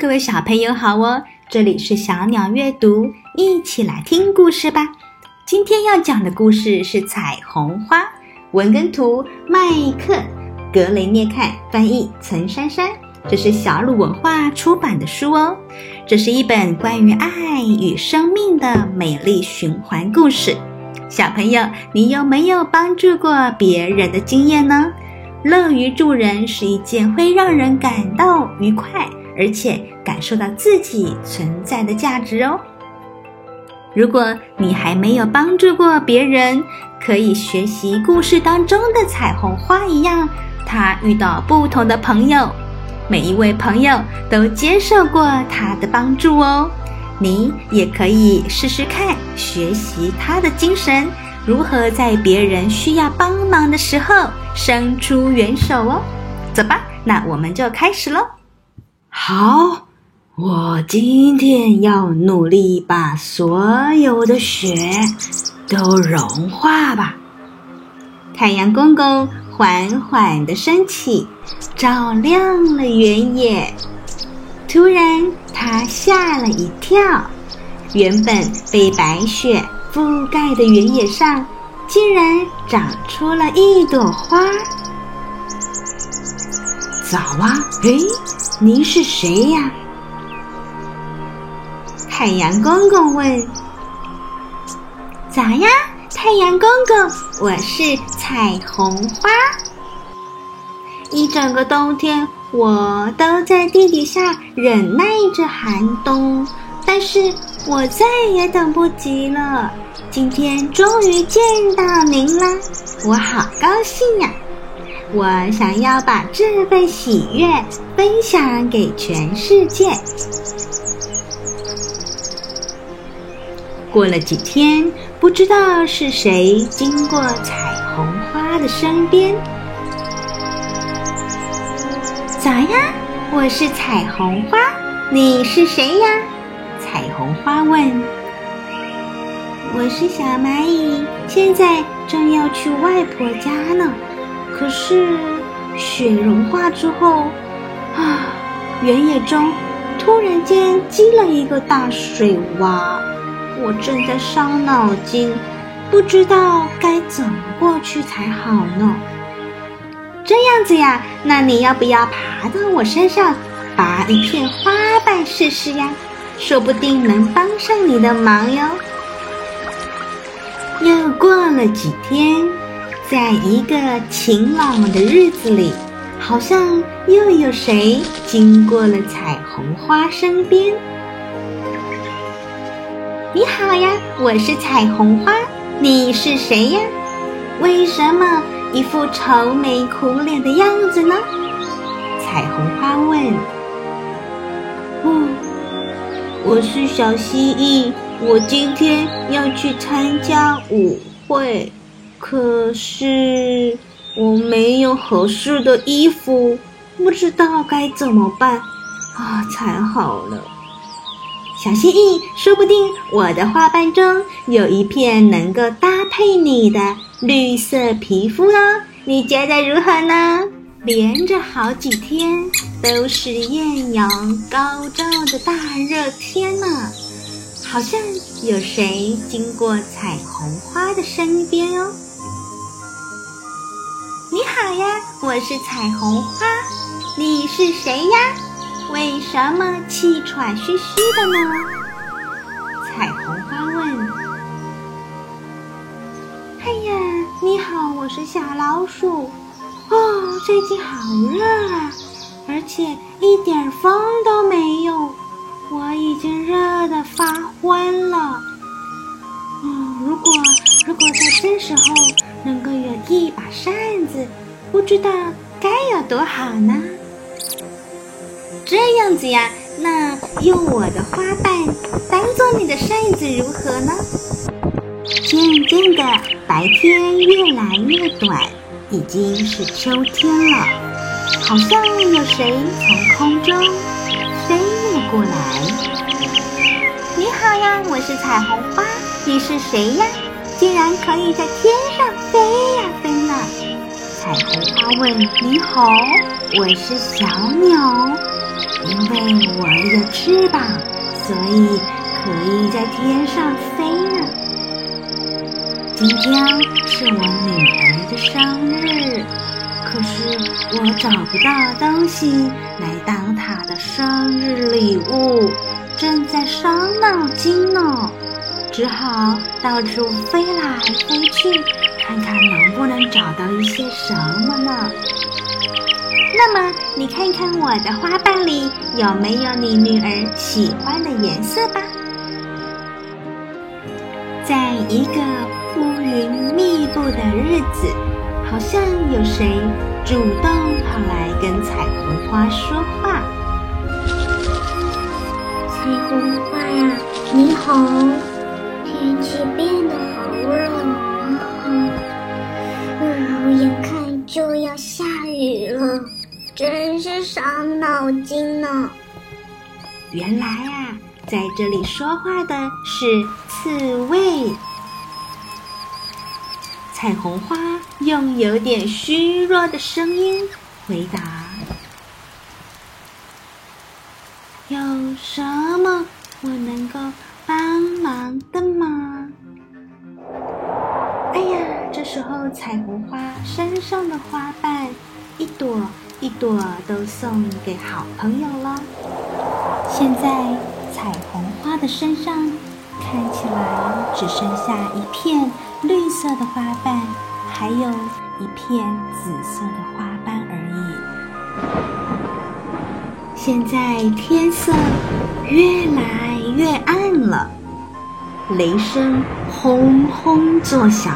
各位小朋友好哦，這裡是小鳥閱讀，一起來聽故事吧。今天要講的故事是《彩虹花》，文根圖、麥克·格雷涅莰翻譯，陳珊珊，這是小魯文化出版的書哦。這是一本關於愛與生命的美麗循環故事。小朋友，你有沒有幫助過別人的經驗呢？樂於助人是一件會讓人感到愉快，而且感受到自己存在的價值哦。如果你還沒有幫助過別人，可以學習故事當中的彩虹花一樣，他遇到不同的朋友，每一位朋友都接受過他的幫助哦。你也可以試試看，學習他的精神，如何在別人需要幫忙的時候伸出援手哦。走吧，那我們就開始嘍。好，我今天要努力把所有的雪都融化吧。太陽公公緩緩地升起，照亮了原野。突然，他嚇了一跳，原本被白雪覆蓋的原野上，竟然長出了一朵花。早啊，哎。您是誰呀？太陽公公問。早呀，太陽公公，我是彩虹花。一整個冬天，我都在地底下忍耐着寒冬，但是我再也等不及了。今天終於見到您啦，我好高興呀！我想要把這份喜悅分享給全世界。過了幾天，不知道是誰經過彩虹花的身邊。早呀，我是彩虹花，你是誰呀？彩虹花問。我是小螞蟻，現在正要去外婆家呢。可是雪融化之後，啊，原野中突然間積了一個大水窪，我正在傷腦筋，不知道該怎麼過去才好呢。這樣子呀，那你要不要爬到我身上，拔一片花瓣試試呀？說不定能幫上你的忙喲。又過了幾天。在一個晴朗的日子裡，好像又有誰經過了彩虹花身邊？你好呀，我是彩虹花，你是誰呀？為什麼一副愁眉苦臉的樣子呢？彩虹花問。不、哦，我是小蜥蜴，我今天要去參加舞會。可是我沒有合適的衣服，不知道該怎麼辦，啊，才好了。小蜥蜴，說不定我的花瓣中有一片能夠搭配你的綠色皮膚哦，你覺得如何呢？連着好幾天都是艷陽高照的大熱天呢。啊，好像有誰經過彩虹花的身邊喲、哦。你好呀，我是彩虹花，你是誰呀？為什麼氣喘吁吁的呢？彩虹花問。哎呀，你好，我是小老鼠。哦，最近好熱啊，而且一點風都沒有，我已經熱得發昏了。嗯，如果如果在這時候能夠有一把扇子，不知道該有多好呢？這樣子呀，那用我的花瓣當做你的扇子如何呢？漸漸的，白天越來越短，已經是秋天了。好像有誰從空中飛了過來。你好呀，我是彩虹花，你是誰呀？居然可以在天上飛！彩虹花問：“你好，我是小鳥，因為我有翅膀，所以可以在天上飛呀。今天是我女兒的生日，可是我找不到東西來當她的生日禮物，正在傷腦筋呢，只好到處飛來飛去。”看看能不能找到一些什麼呢？那麼你看看我的花瓣裡有沒有你女兒喜歡的顏色吧。在一個烏雲密布的日子，好像有誰主動跑來跟彩虹花說話。彩虹花呀，你好，天氣變得好冷哦。就要下雨了，真是傷腦筋呢啊。原來啊，在這裡說話的是刺蝟。彩虹花用有點虛弱的聲音回答。然後彩虹花身上的花瓣，一朵一朵都送給好朋友了。現在彩虹花的身上看起來只剩下一片綠色的花瓣，還有一片紫色的花瓣而已。現在天色越來越暗了，雷聲轟轟作響。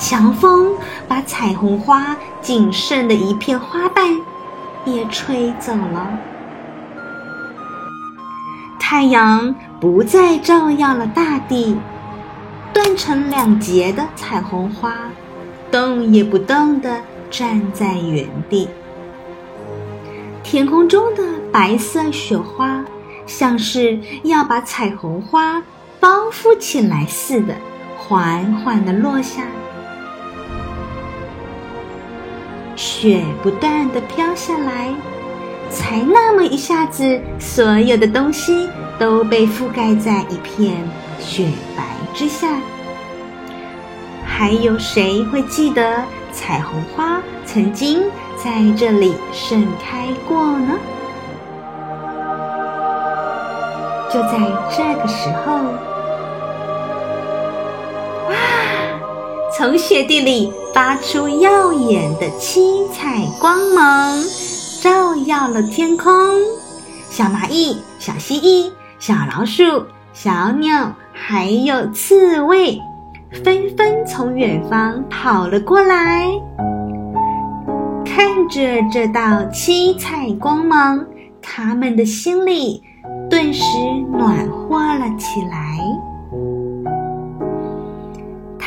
強風把彩虹花僅剩的一片花瓣也吹走了。太陽不再照耀了大地，斷成兩截的彩虹花，動也不動的站在原地。天空中的白色雪花，像是要把彩虹花包覆起來似的，緩緩地落下。雪不斷地飄下來，才那麼一下子，所有的東西都被覆蓋在一片雪白之下。還有誰會記得彩虹花曾經在這裡盛開過呢？就在這個時候。從雪地裡發出耀眼的七彩光芒，照耀了天空。小螞蟻小、小蜥蜴、小老鼠、小鳥，還有刺蝟，紛紛從遠方跑了過來，看着這道七彩光芒，他們的心裡頓時暖和了起來。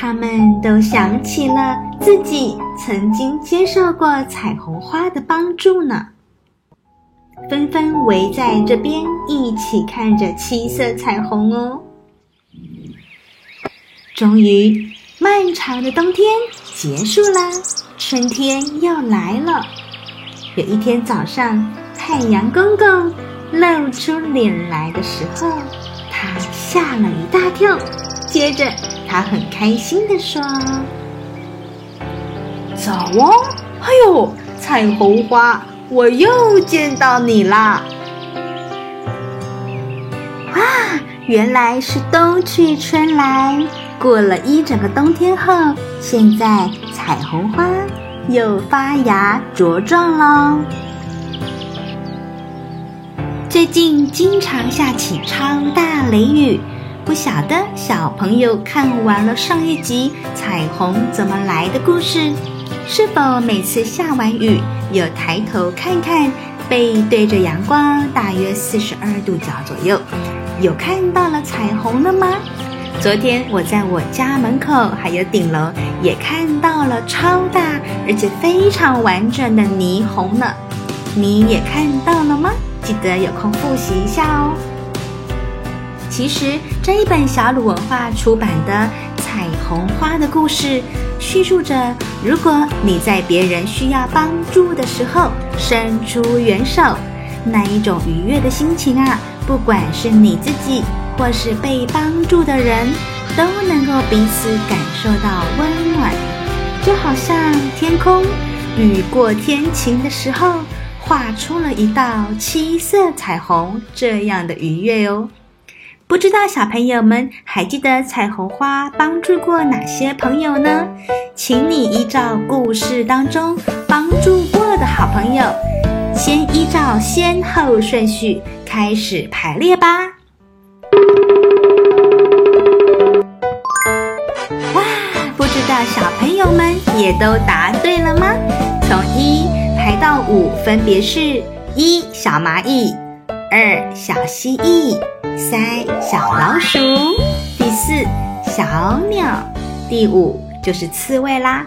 他們都想起了自己曾經接受過彩虹花的幫助呢，紛紛圍在這邊一起看着七色彩虹哦。終於，漫長的冬天結束啦，春天要來了。有一天早上，太陽公公露出臉來的時候，他嚇了一大跳，接着。他很開心的說：“早哦、啊，哎呦，彩虹花，我又見到你了！哇，原來是冬去春來，過了一整個冬天後，現在彩虹花又發芽茁壯嘍。最近經常下起超大雷雨。”不曉得小朋友看完了上一集《彩虹怎麼來》的故事，是否每次下完雨有抬頭看看，背對着陽光大約四十二度角左右，有看到了彩虹了嗎？昨天我在我家門口還有頂樓也看到了超大而且非常完整的霓虹呢，你也看到了嗎？記得有空複習一下哦。其實這一本小魯文化出版的《彩虹花》的故事，敘述着：如果你在別人需要幫助的時候伸出援手，那一種愉悅的心情啊，不管是你自己或是被幫助的人，都能夠彼此感受到溫暖，就好像天空雨過天晴的時候，畫出了一道七色彩虹，這樣的愉悅哦。不知道小朋友們還記得彩虹花幫助過哪些朋友呢？請你依照故事當中幫助過的好朋友，先依照先後順序開始排列吧。哇，不知道小朋友們也都答對了嗎？從一排到五，分別是一小螞蟻，二小蜥蜴。三小老鼠，第四小鳥，第五就是刺蝟啦。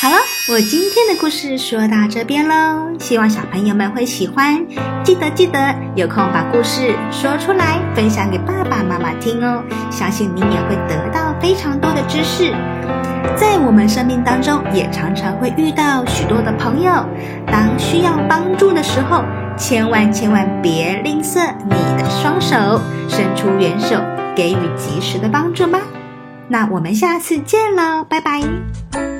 好了，我今天的故事說到這邊嘍，希望小朋友們會喜歡。記得記得有空把故事說出來，分享給爸爸媽媽聽哦。相信你也會得到非常多的知識。在我們生命當中，也常常會遇到許多的朋友，當需要幫助的時候，千萬千萬別吝嗇你的雙手，伸出援手，給予及時的幫助吧。那我們下次見嘍，拜拜。